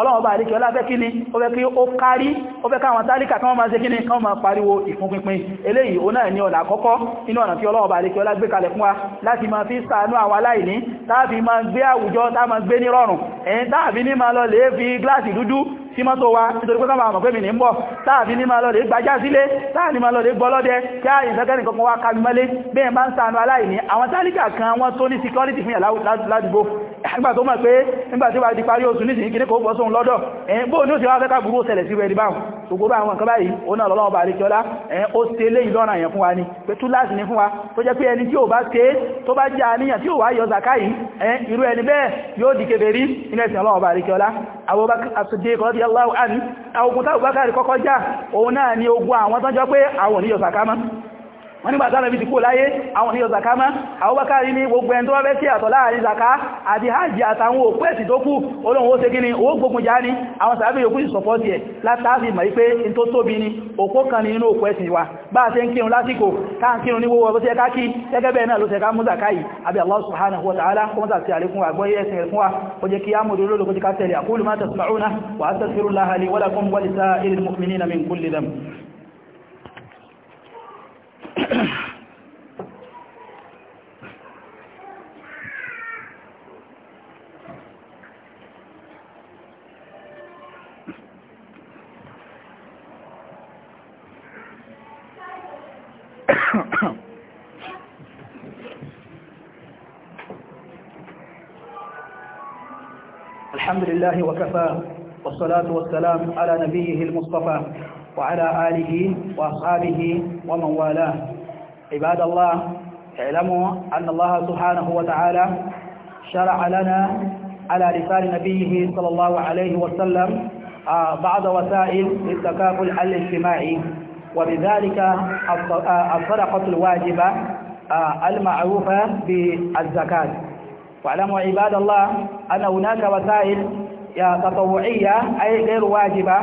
ọlọ́wọ́ bá àríkẹ́ ọlábẹ́ kí ni ó fẹ́ kí ó kárí ó fẹ́ káwọn tálíkà kan máa ṣe kí ni kan máa pariwo ìfúnpinpin eléyìí ó náà ní ọ̀nà àkọ́kọ́ inú ọ̀nà tí ọlọ́wọ́ bá àríkẹ́ ọlágbé kalẹ̀ fún wa láti máa fi ṣàánú àwọn aláìní táàfi máa gbé àwùjọ táà máa gbé ní rọrùn ẹ̀yìn táàfi ní máa lọ lè fi gíláàsì dúdú tí mọ́ tó wá nítorí pé káàmà àmọ̀fẹ́ mi ní ń bọ̀ táàfin ní máa lọ lè gbájá sílé táàfin máa lọ lè gbọ́lọ́dẹ kí á ìfẹ́kẹ́ nìkan wá kàmí mọ́lé bẹ́ẹ̀ bá ń ṣàánú aláìní àwọn tálíkà kan wọ́n tó ní security fún yà ládùúgbò nígbà tó mọ̀ pé nígbà wà di parí oṣù nísìnyí kí ní kò bọ́ sóhun lọ́dọ̀ ẹ̀yìn bóò ní ó sì wá fẹ́ká burú ṣẹlẹ̀ sí rẹ̀ báhùn ṣògbó bá àwọn nǹkan báyìí ó náà lọ́lọ́wọ́ bá rí kíọ́lá ẹ̀yìn ó ṣe lé ìlọ́ràn yẹn fún wa ni pé tú láti ní fún wa tó jẹ́ pé ẹni di kèfèrí nínú ẹ̀sìn ọlọ́wọ́ bá rí kíọ́lá Abubakar As-Siddiq ogun táwọn bá kọ́kọ́ já òun náà ni ogun àwọn tán jọ pé àwọn ò mọ́ wọ́n nígbà tánà bí ti kó láyé àwọn oníyọ zaka má àwọ́bákàrí ní gbogbo ẹni tó wá fẹ́ sí àtọ̀ láàrin zaka àti hajji àtàwọn òpó ẹ̀sì tó kú olóhun ó ṣe kí ni owó gbogun já ní àwọn sàábì yòókù sì sọpọ́tì ẹ̀ látàáfì mọ̀ pé in tó tóbi ni òpó kan ní inú òpó ẹ̀sìn wa bá a ṣe ń kírun lásìkò ká ń kírun ní gbogbo ọbọ̀sẹ̀ ká kí gẹ́gẹ́ bẹ́ẹ̀ náà ló الله وكفى والصلاة والسلام على نبيه المصطفى وعلى آله وأصحابه ومن والاه عباد الله اعلموا أن الله سبحانه وتعالى شرع لنا على لسان نبيه صلى الله عليه وسلم آه، بعض وسائل للتكافل الاجتماعي وبذلك آه، الصدقة الواجبة آه، المعروفة بالزكاة واعلموا عباد الله أن هناك وسائل تطوعية أي غير واجبة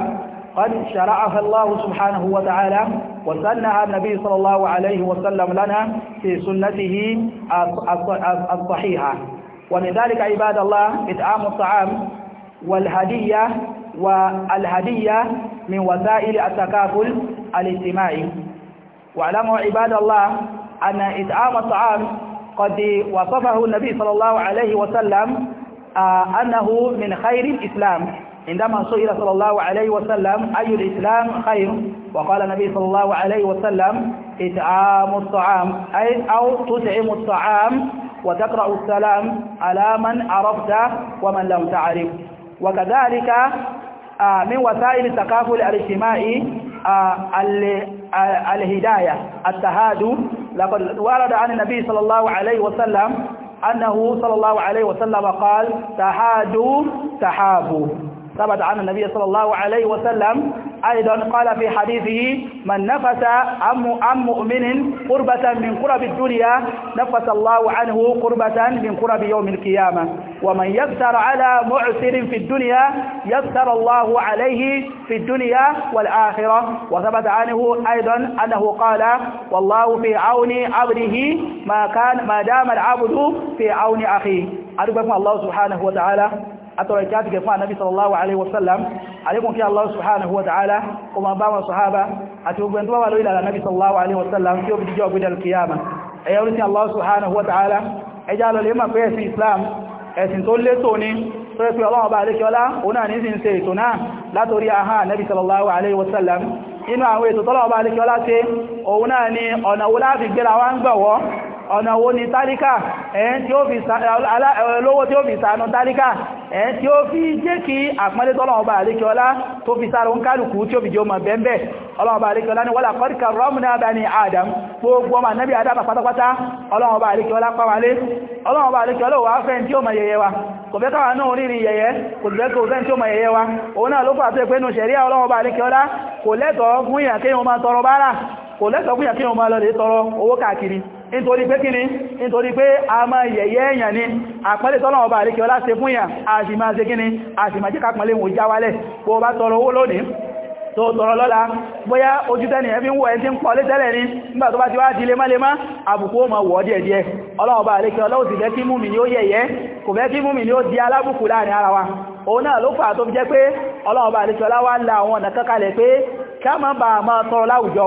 قد شرعها الله سبحانه وتعالى وسنها النبي صلى الله عليه وسلم لنا في سنته الصحيحة ولذلك عباد الله إطعام الطعام والهدية والهدية من وسائل التكافل الاجتماعي واعلموا عباد الله أن إطعام الطعام قد وصفه النبي صلى الله عليه وسلم آه، أنه من خير الإسلام عندما سئل صلى الله عليه وسلم أي الإسلام خير وقال النبي صلى الله عليه وسلم إطعام الطعام أي أو تطعم الطعام وتقرأ السلام على من عرفت ومن لم تعرف وكذلك آه، من وسائل التكافل الاجتماعي آه، الهداية التهادو لقد ورد عن النبي صلى الله عليه وسلم أنه صلى الله عليه وسلم قال تحادوا تحابوا ثبت عن النبي صلى الله عليه وسلم أيضا قال في حديثه من نفس عن مؤمن قربة من قرب الدنيا نفس الله عنه قربة من قرب يوم القيامة ومن يفتر على معسر في الدنيا يفتر الله عليه في الدنيا والآخرة وثبت عنه أيضا أنه قال والله في عون عبده ما كان ما دام العبد في عون أخيه أرجو الله سبحانه وتعالى atọrọ ìkẹ́ àtìkẹ́ fún ànábì sallallahu alaihi wasallam alékùn kí Allah subhanahu wa ta'ala kó ma bá wọn sọ̀hábà àti ogun tó wà lórí ìlànà ànábì sallallahu alaihi wasallam tí ó fi jíjọ gbídà kìyàmà ẹ̀yà orí sí Allah subhanahu wa ta'ala ẹjá lọ lè mọ̀ pé ẹ̀sìn Islam ẹ̀sìn tó lé tóní tó rẹ̀ pé ọlọ́wọ́ bá alékiọlá òun náà ní ọ̀nà wo ni tálíkà ẹ̀yẹn tí ó fi lówó tí ó fi sànú tálíkà ẹ̀yẹn tí ó fi jẹ́ kí àpọ́nlé tọ́lọ̀ọba àríkẹ́ọlá tó fi sára ń kálùkù tí ó fi jẹ́ ọmọ bẹ́ẹ̀bẹ́ ọlọ́ọba àríkẹ́ọlá ni wọ́lá adam gbogbo ọmọ nẹ́bí adába pátápátá ọlọ́ọba àríkẹ́ọlá pàwálé ọlọ́ọba àríkẹ́ọlá wà fẹ́ tí ó wa kò fẹ́ káwà náà orí yẹyẹ kò fẹ́ kò fẹ́ tí ó mọ yẹyẹ wa òun náà ló pàtó ìpẹ́nu ṣẹ̀ríà ọlọ́ọba àríkẹ́ọlá kò lẹ́tọ̀ọ́ fún ìyàkéyàn kò lẹ́sọ̀ fún yàkí ọmọ alọ́lẹ̀ tọrọ owó káàkiri nítorí pé kíni nítorí pé a ma yẹ̀yẹ́ èyàn ni àpẹẹlẹ̀ tọ́lọ̀ ọba àríkẹ́ ọlá se fún yà àti máa ṣe kíni àti máa jíkà pẹ̀lẹ̀ wò jáwálẹ̀ bó bá tọrọ owó lónìí tó tọrọ lọ́la bóyá ojútẹ́ni ẹ̀fí ń wọ ẹ̀ tí ń pọ̀ létẹ́lẹ̀ ní nígbà tó bá ti wá di lé má ó ma wọ́ díẹ̀díẹ̀ ọlọ́ọ̀bá sì fẹ́ kí mú mi ní ó yẹ̀yẹ́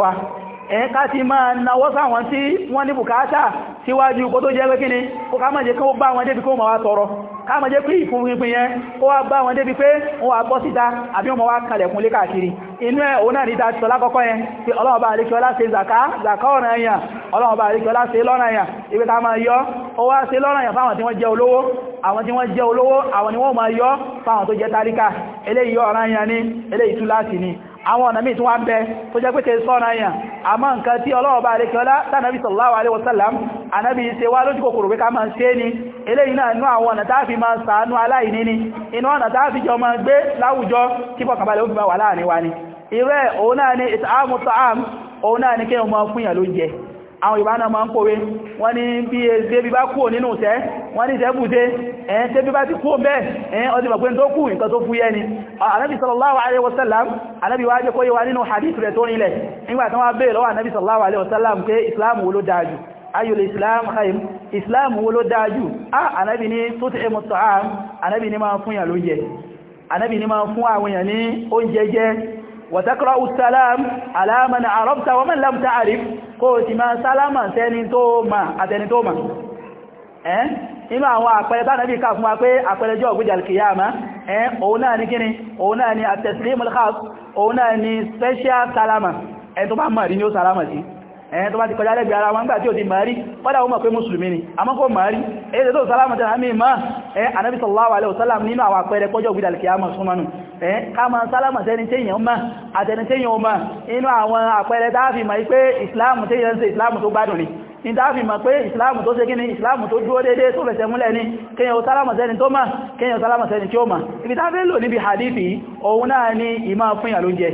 kò ẹ̀ẹ́ká ti máa náwọ́ sáwọn tí wọ́n ní bùkátà síwájú kó tó jẹ́ pé kíni ó ká máa jẹ́ kó bá wọn débi kó máa wá tọrọ ká máa jẹ́ pé ìfúnpin yẹn ó wá bá wọn débi pé wọ́n wá bọ́ síta àbí wọ́n wá kalẹ̀kùn lé káàkiri inú ẹ̀ òun náà ní ta sọ lákọ́kọ́ yẹn pé Ọlọ́run bá àríkẹ́ ọlá ṣe zàká zàká ọ̀nà ẹ̀yàn Ọlọ́run bá àríkẹ́ ọlá ṣe lọ́nà ẹ̀yàn ibi ká máa yọ ó wá ṣe lọ́nà ẹ̀yàn fáwọn tí wọ́n jẹ́ olówó àwọn tí wọ́n jẹ́ olówó àwọn ni wọ́n máa yọ fáwọn tó jẹ́ táríkà eléyìí ọ̀ranyàn ni eléyìí túláàsì ni àwọn ọ̀nà míì tún wá ń bẹ tó jẹ́ pé tẹ sọ́nà yàn àmọ́ nǹkan tí ọlọ́ọ̀bá àríkẹ́ọlá tánàbí sallallahu alaihi wasallam anábi ṣe wá lójú kòkòrò pé ká máa ṣe ní eléyìí náà inú àwọn ọ̀nà táàfi máa ṣàánú aláìní ni inú ọ̀nà táàfi jọ ni irú ẹ̀ òun náà ni ìtààmù tààmù òun náà ni àwọn ìbáná ma ń kòwé wọ́n ní bí ẹgbẹ́ bí bá kúrò nínú ìṣẹ́ wọ́n ní ìṣẹ́bùdé ẹ̀yẹn tẹ́bí bá ti kúrò bẹ́ẹ̀ ẹ̀yẹn ọdí bàgbé tó kú nǹkan tó fúyẹ́ ni anábi sallallahu alaihi wasallam anábi wájẹ́ kó yíwa nínú hadith rẹ̀ tó nílẹ̀ nígbàtán wá bèèrè lọ́wọ́ anábi sallallahu alaihi wasallam pé islam wo ló dájú ayyul islam khaym islam wo ló dájú ah anábi ni tó ti ẹmọ tọ́ anábi ni وتقرأ السلام على من عرفت ومن لم تعرف قلت ما سلاما سنتوما أتنتوما ẹ́n inú àwọn àpẹẹrẹ bá nàbí ká fún wa pé àpẹẹrẹ jọ ògbìjà alkiyama ẹ́n òun náà ní kíni òun náà ni at-taslimul khas òun náà ni special salama ẹ̀ tó bá mọ̀ rí ní ó salama sí ẹ̀yẹn tó bá ti kọjá lẹ́gbẹ̀ẹ́ ara wọn nígbà tí ò ti mọ̀ rí wọ́dá wọ́n mọ̀ pé mùsùlùmí ni àmọ́ kò mọ̀ rí èyí tó sálámù tẹ́lá mi mọ́ ẹ̀ anábì sallallahu alaihi wasallam nínú àwọn àpẹẹrẹ pọ́jọ́ gbìdàlìkì àmọ̀ súnmọ́nù ẹ̀ ká mọ́ sálámù tẹ́ni tẹ́yìn ọmọ àtẹni tẹ́yìn ọmọ inú àwọn àpẹẹrẹ táàfì mọ̀ pé ìsìláàmù tẹ́yìn ń ṣe ìsìláàmù tó gbádùn ni ìdáàfi mọ̀ pé ìsìláàmù tó ṣe kíni ìsìláàmù tó dúró déédéé tó fẹsẹ̀ múlẹ̀ ní kíyàn sálámọ̀sẹ́ni tó máa kíyàn sálámọ̀sẹ́ni tí ó máa ibi tábílò níbi hadithi òun náà ni ìmá fún ìyà lóúnjẹ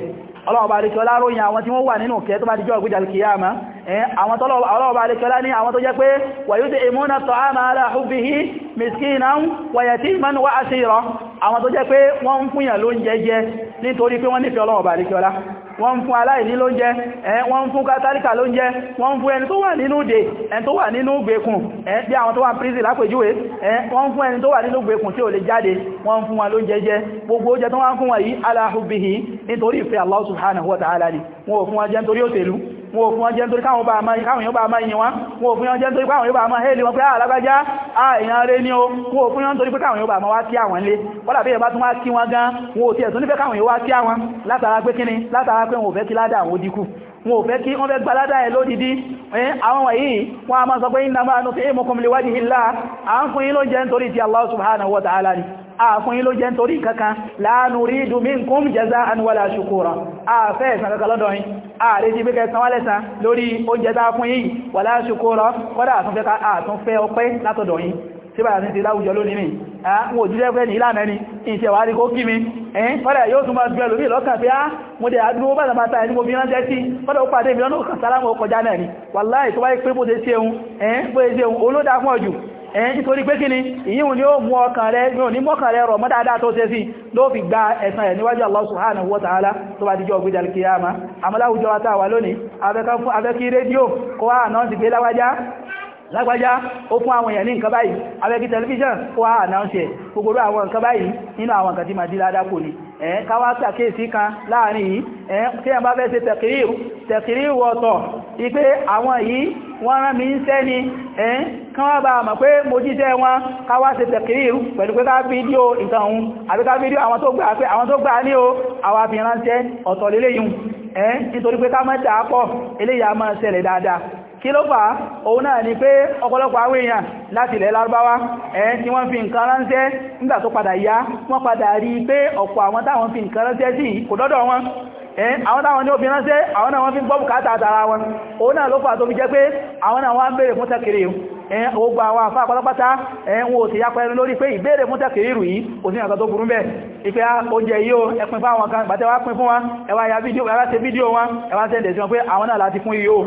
ọlọ́ọ̀bá alẹ́kọ́lá ròyìn àwọn tí wọ́n wà nínú kẹ́ tó bá dìjọ́ ìgbìjà alkiyama àwọn tọ́lọ̀ọ̀bá alẹ́kọ́lá ní àwọn tó jẹ́ pé wàyúdé ìmúnà tọ́ámà aláhùbìhì miskinan wàyàtí man wá asíra àwọn tó jẹ́ pé wọ́n ń fúnyàn wọ́n ń fún aláìní lóúnjẹ wọ́n ń fún kátálíkà lóúnjẹ wọ́n ń fún ẹni tó wà nínú dè ẹni tó wà nínú gbèkùn bí àwọn tó wà prison lápèjúwe wọ́n ń fún ẹni tó wà nínú gbèkùn tí ò lè jáde wọ́n fún wọn lóúnjẹ jẹ gbogbo oúnjẹ tó wọ́n fún wọn yìí aláhùbìhì nítorí ìfẹ́ Allah subhanahu wa ta'ala ni wọn fún wọn jẹ nítorí òṣèlú wọn ò fún ọjẹ́ nítorí káwọn èèyàn bá máa yìn wọn wọn ò fún ọjẹ́ nítorí káwọn èèyàn bá máa hẹ́lẹ̀ wọn pé alágbájá ah, ah, èèyàn rẹ̀ ní o wọn ò fún ọjẹ́ nítorí pé káwọn èèyàn bá máa wá kí àwọn lé kọ́lá bí èèyàn bá tún wá kí wọn gan wọn ò tiẹ̀ tún nífẹ̀ẹ́ káwọn èèyàn wá kí àwọn látara pé kíni látara pé wọn ò fẹ́ kí ládà àwọn ó dínkù wọn wọ́n fẹ́ gbalada ẹ̀ lódìdí àwọn wọ̀nyí wọ́n a máa sọ pé ìnàmà nù fi ìmùkùnmù lè wájì nítorí ti Allah subhanahu wa ta'ala ni àfún yín ló jẹ́ nítorí kankan la nuridu minkum jaza'an wala shukura àfẹ́ ìsan kankan lọ́dọ̀ yín ààrẹ ti gbẹ́kẹ́ sanwó lẹ́san lórí oúnjẹ tá fún yín wala shukura kọ́dà àtúnfẹ́ àtúnfẹ́ ọpẹ́ látọ̀dọ̀ yín síbà ní ti láwùjọ lónìí mi àwọn òjíṣẹ́ fẹ́ ní ìlànà ẹni ìṣẹ́ wà ní kó kí mi ẹ̀yìn fọ́dá yóò tún máa gbẹ́ lórí lọ́kàn pé á mo dẹ̀ àdúgbò bá tàbátà ẹni mo fi ránṣẹ́ sí fọ́dá ó pàdé mi lọ́nà òkàn ẹ̀yìn tí torí pé kí ni ìyíhun ni ó mú ọkàn rẹ̀ ní òní mọ́kàn rẹ̀ rọ̀ mọ́ dáadáa tó ṣe sí ló fi gba ẹ̀san ẹ̀ níwájú Allah subhanahu wa ta'ala tó bá dijọ́ gbídà kìyàmá àmọ́ láwùjọ wa tá lónìí afẹ́kí rédíò kó lágbájá ó fún àwọn èèyàn ní nǹkan báyìí abẹ́gí tẹlifíṣàn ó wá ànáúnṣẹ́ gbogbo àwọn nǹkan báyìí nínú àwọn nǹkan tí ma dí ládákò ní ẹ̀ẹ́ káwá sàkéèsí kan láàrin yìí ẹ̀ẹ́ tí ẹ̀mbá fẹ́ ṣe tẹ̀kìríwọ̀ tẹ̀kìríwọ̀ ọ̀tọ̀ ipé àwọn yìí wọ́n rán mi ń sẹ́ ni ẹ̀ẹ́ kán wá bá mọ̀ pé mo jíṣẹ́ wọn káwá ṣe tẹ̀kìríwọ̀ pẹ̀lú pé ká fídíò ìtàn òun àbí ká fídíò àwọn tó gbà pé àwọn tó gbà ní o àwọn àfihàn ránṣẹ́ ọ̀tọ̀ lélẹ́yìn ẹ̀ẹ́ nítorí pé ká mọ́ dàápọ̀ eléyà máa ṣẹlẹ̀ dáadáa kí ló fà òun náà ni pé ọ̀pọ̀lọpọ̀ àwọn èèyàn láti ilẹ̀ lárúbáwá ẹ̀yìn tí wọ́n fi nǹkan ránṣẹ́ nígbà tó padà yá wọ́n padà rí pé ọ̀pọ̀ àwọn táwọn fi nǹkan ránṣẹ́ sí kò dọ́dọ̀ wọn ẹ̀yìn àwọn táwọn ní obìnrin ránṣẹ́ àwọn náà wọ́n fi gbọ́ bùkátà wọn òun ogbà àwọn àfá àpátápátá ẹ̀wọ̀n òsì yapa ẹnu lórí pé ìbéèrè fún tẹ́kì ìrù yìí òsì àkà tó burú bẹ́ẹ̀ ìpé ah, oúnjẹ yìí ó ẹpin fáwọn kan bàtẹ́ wá pin fún wa ẹwà ya fídíò ẹwà ṣe fídíò wọn ẹwà sẹ́ndẹ̀ sí wọn pé àwọn náà láti fún yìí ó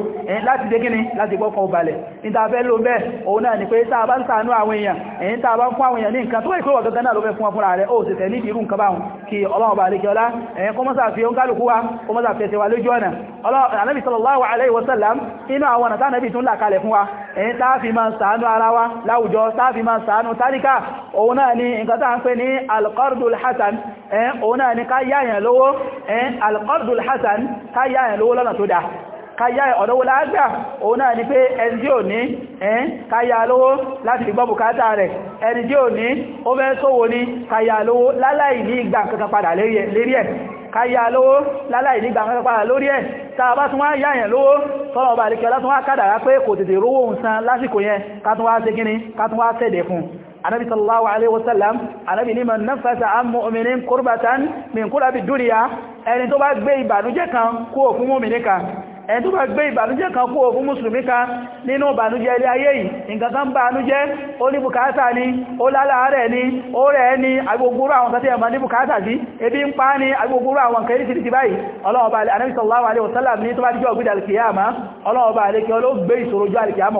láti dé kíni láti gbọ́kan balẹ̀ níta ló bẹ́ẹ̀ òun náà ni pé tá a bá ń sàánú àwọn èèyàn èyí tá a bá ń fún àwọn èèyàn ní nǹkan tó ìpé wọ̀n gangan náà ló fẹ́ fún wọn fúnra rẹ̀ ó sì tẹ̀ nídìí irú nǹkan báwọn kí ọlọ́run bá lékẹ́ ọlá ẹ̀yìn kọmọ́sà fi ó ń kálùkú wa kọmọ́sà fẹsẹ̀ wa lójú ọ̀nà ọlọ́run ànábì sallallahu alaihi wasallam inú àwọn ọ̀nà tánàbì tún là kalẹ̀ fún wa ẹ̀yìn tá a fi ṣàánú ara wa láwùjọ táàfi máa ṣàánú tálíkà òun náà ni nǹkan tàà ń pè ní alqardul hasan òun náà ni ká yáyàn lówó alqardul hasan ká yáyàn lówó lọ́nà tó dáa káyá ọ̀dọ́wó lágbà òun náà ni pé ẹni tí ò ní ẹ́n káyá lówó láti gbọ́ bùkátà rẹ̀ ẹni tí ò ní ó mẹ́ sówó ní káyá lówó láláì ní ìgbà kankan padà lérí ẹ̀ káyà lówó láláì nígbà pàpàpà lórí ẹ̀ tàà bá tún wá yáyàn lówó tọ́nà ọba àríkẹ́ látún wá kádàrá pé kò tètè rówó òun san lásìkò yẹn ká tún wá ṣe kíní ká tún wá ṣẹ̀dẹ̀ fún anabi sallallahu alaihi wasallam anabi ni man nafasa an mu'minin qurbatan min kurabi duniya ẹni tó bá gbé ìbànújẹ́ kan kó fún mu'minin kan ẹni tó bá gbé ìbànújẹ́ kan kúrò fún mùsùlùmí kan nínú ìbànújẹ́ ilé ayé yìí nǹkan kan bànújẹ́ ó ní bùkátà ni ó lálàárẹ̀ ni ó rẹ̀ ni agbègbòrò àwọn kẹtẹ́ ẹ̀mọ́ ní bùkátà sí ebi ń pa ní agbègbòrò àwọn kẹrìsìtì ti báyìí ọlọ́ọ̀bà Ànábì sallallahu alaihi wasallam ní tó bá díjọ́ gbídà alìkìyàmá ọlọ́ọ̀bà alìkìyà ló gbé ìṣòro jọ alìkìyàmá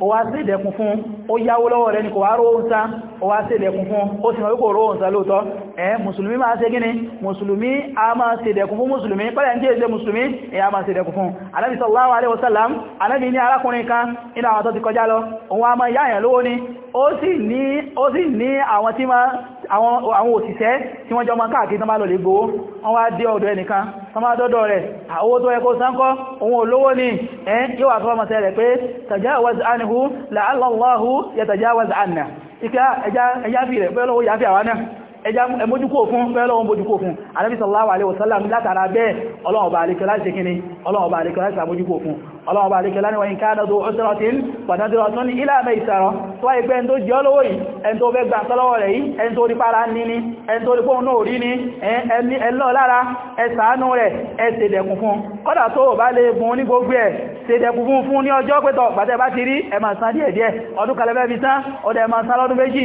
ó wá sí ìdẹ̀kùn fún ó yáwó lọ́wọ́ rẹ̀ ní kò wá róhùn sá ó wá sí ìdẹ̀kùn fún ó sì mọ̀ wípò róhùn sá lóòtọ́ ẹ̀ mùsùlùmí máa ṣe gíní mùsùlùmí a máa ṣe ìdẹ̀kùn fún mùsùlùmí pẹ́lẹ̀ ń jẹ́ ìṣẹ́ mùsùlùmí ẹ̀ a máa ṣe ìdẹ̀kùn fún anábì sallallahu alaihi wasallam ni ó sì ní ó sì ní àwọn tí máa àwọn òṣìṣẹ́ tí wọ́n jọ máa káàkiri tán bá lọ lè gbowó wọ́n wá dé ọ̀dọ̀ ẹnìkan tán rẹ̀ owó tó yẹ kó sáńkọ́ olówó ni ẹ́ yóò fọ́mọ̀sẹ̀ rẹ̀ pé tàjá ìwọ̀n anhu la'alla Allahu yatajawaz anna ika ẹja fi rẹ̀ pẹ́lú ya fi àwọn náà ẹja mójúkó fún pẹ́lú ohun mójúkó fún Ànábì sallallahu alaihi wasallam látara bẹ́ẹ̀ Ọlọ́run bá alẹ́kọ́ láti ṣe kíni Ọlọ́run bá alẹ́kọ́ láti ṣàmójúkó fún ọlọ́wọ́ bá lékẹ́ láníwọ̀ yínká nọ́dọ̀ ọ̀sẹ̀rọ̀tín pọ̀nàdìrọ̀tún ilá mẹ́ìsàrọ̀ tó ẹgbẹ́ ẹn tó jẹ́ olówó yìí ẹn tó fẹ́ gbà tọ́lọ́wọ́ rẹ̀ yìí ẹn tó rí para ní ní ẹn tó rí pọ́ náà rí ní ẹlọ́ lára ẹsàánú rẹ̀ ẹsẹ̀dẹ̀kùn fún kọ́dà tó bá lè bùn ní gbogbo ẹ̀ ṣẹ̀dẹ̀kùn fún fún ní ọjọ́ pẹ́tọ̀ pàtẹ́ bá ti rí ẹmà san díẹ̀ díẹ̀ ọdún kalẹ̀fẹ́ fi tán ọdẹ ẹmà san lọ́dún méjì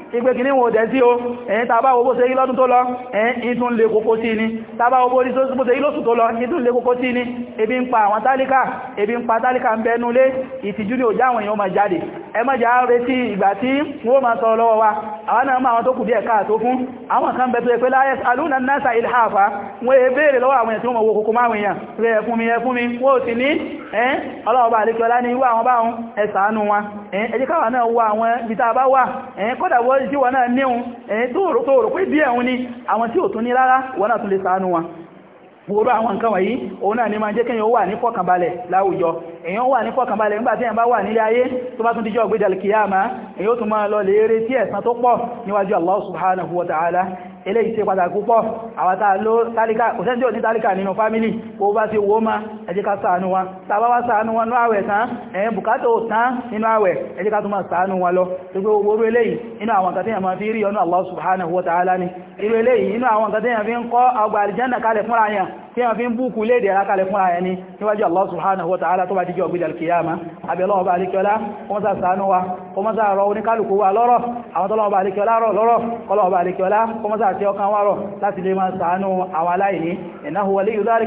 ìgbé kìíní wọn dẹ̀ sí o ẹ̀yìn tàbá owó ṣe lọ́dún tó lọ ẹ̀yìn tún lè kókó tí ní tàbá owó rí tó ṣe lọ́sùn tó lọ ìtún lè kókó tí ní ebi ń pa àwọn tálíkà ebi ń pa tálíkà ń bẹnulé ìtìjú ní òjá àwọn èèyàn máa jáde ẹ àwọn náà máa wọn tó kù díẹ̀ káàtó fún àwọn kan bẹ̀tọ̀ ẹ̀pẹ́ láyé alúnà náà ìlhàfà wọ́n è béèrè lọ́wọ́ àwọn ẹ̀tí wọ́n wo kòkó máa wìyàn rẹ̀ fún mi ẹfún mi wọ́n ti ní ẹ́n ọlọ́ọ̀bá àríkọlá ní irú àwọn báhùn ẹ̀sàánú wọn ẹ̀jẹ́ káwà náà wọ àwọn ibi tá a bá wà ẹ̀yìn kọ́dà wọ́n tí wọ́n náà níhun ẹ̀yìn tó rò pé díẹ̀ òun ni àwọn tí ò tún ní rárá wọ́n náà tún lè ṣàánú wọn gbogbo àwọn nǹkan wọ̀nyí òun náà ni máa jẹ́ kíyàn wà ní fọ́kànbalẹ̀ láwùjọ èyàn wà ní fọ́kànbalẹ̀ nígbàtí èyàn wà nílé ayé tó bá tún díjọ́ gbéjàlì kìyàmá èyàn ó tún máa lọ lè eré tí ẹ̀san tó pọ̀ níwájú Allah subhanahu wa ta'ala eléyìí ṣe pàtàkì púpọ̀ àwátá ló tálíkà kò sẹ́jọ́ ní tálíkà nínú fámílì kó bá ti wó má ẹ jẹ́ ká ṣàánú wọn tàbá wá ṣàánú wọn ní àwẹ̀ tán ẹ̀yìn bùkátà ò tán nínú àwẹ̀ ẹ jẹ́ ká tún máa ṣàánú wọn lọ gbogbo owóró Allah subhanahu wa ta'ala ni irú eléyìí inú àwọn nǹkan tí yàn fi ń tí a fi ń búkú léèdè àrákalẹ̀ fún ààrẹ ni níwájú Allah subhanahu wa ta'ala tó bá díjọ gbídà kìyàmá abẹ́lọ́wọ́ bá alékiọlá wọ́n sá sánú wa kó mọ́ sáà rọ oníkálùkú wa lọ́rọ̀ àwọn tọ́lọ́wọ́ bá alékiọlá rọ̀ lọ́rọ̀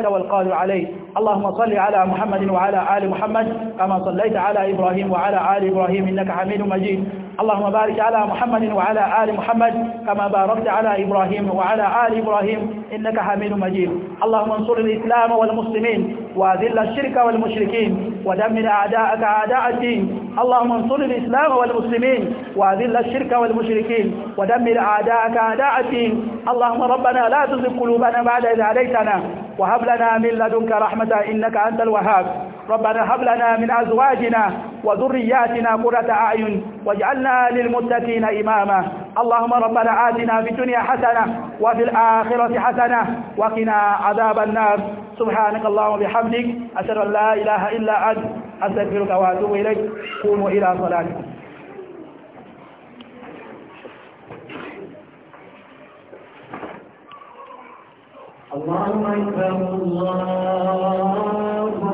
kọlọ́wọ́ اللهم صل على محمد وعلى آل محمد كما صليت على إبراهيم وعلى آل إبراهيم إنك حميد مجيد اللهم بارك على محمد وعلى آل محمد كما باركت على إبراهيم وعلى آل إبراهيم إنك حميد مجيد اللهم انصر الإسلام والمسلمين وذل الشرك والمشركين ودمر أعداءك أعداء الدين اللهم انصر الإسلام والمسلمين وذل الشرك والمشركين ودمر أعداءك أعداء الدين اللهم ربنا لا تزغ قلوبنا بعد إذ هديتنا وهب لنا من لدنك رحمة إنك أنت الوهاب ربنا هب لنا من أزواجنا وذرياتنا قرة أعين واجعلنا للمتقين إماما اللهم ربنا آتنا في الدنيا حسنة وفي الآخرة حسنة وقنا عذاب النار سبحانك اللهم وبحمدك أشهد أن لا إله إلا أنت أستغفرك وأتوب إليك قوموا إلى صلاتكم اللهم اكبر الله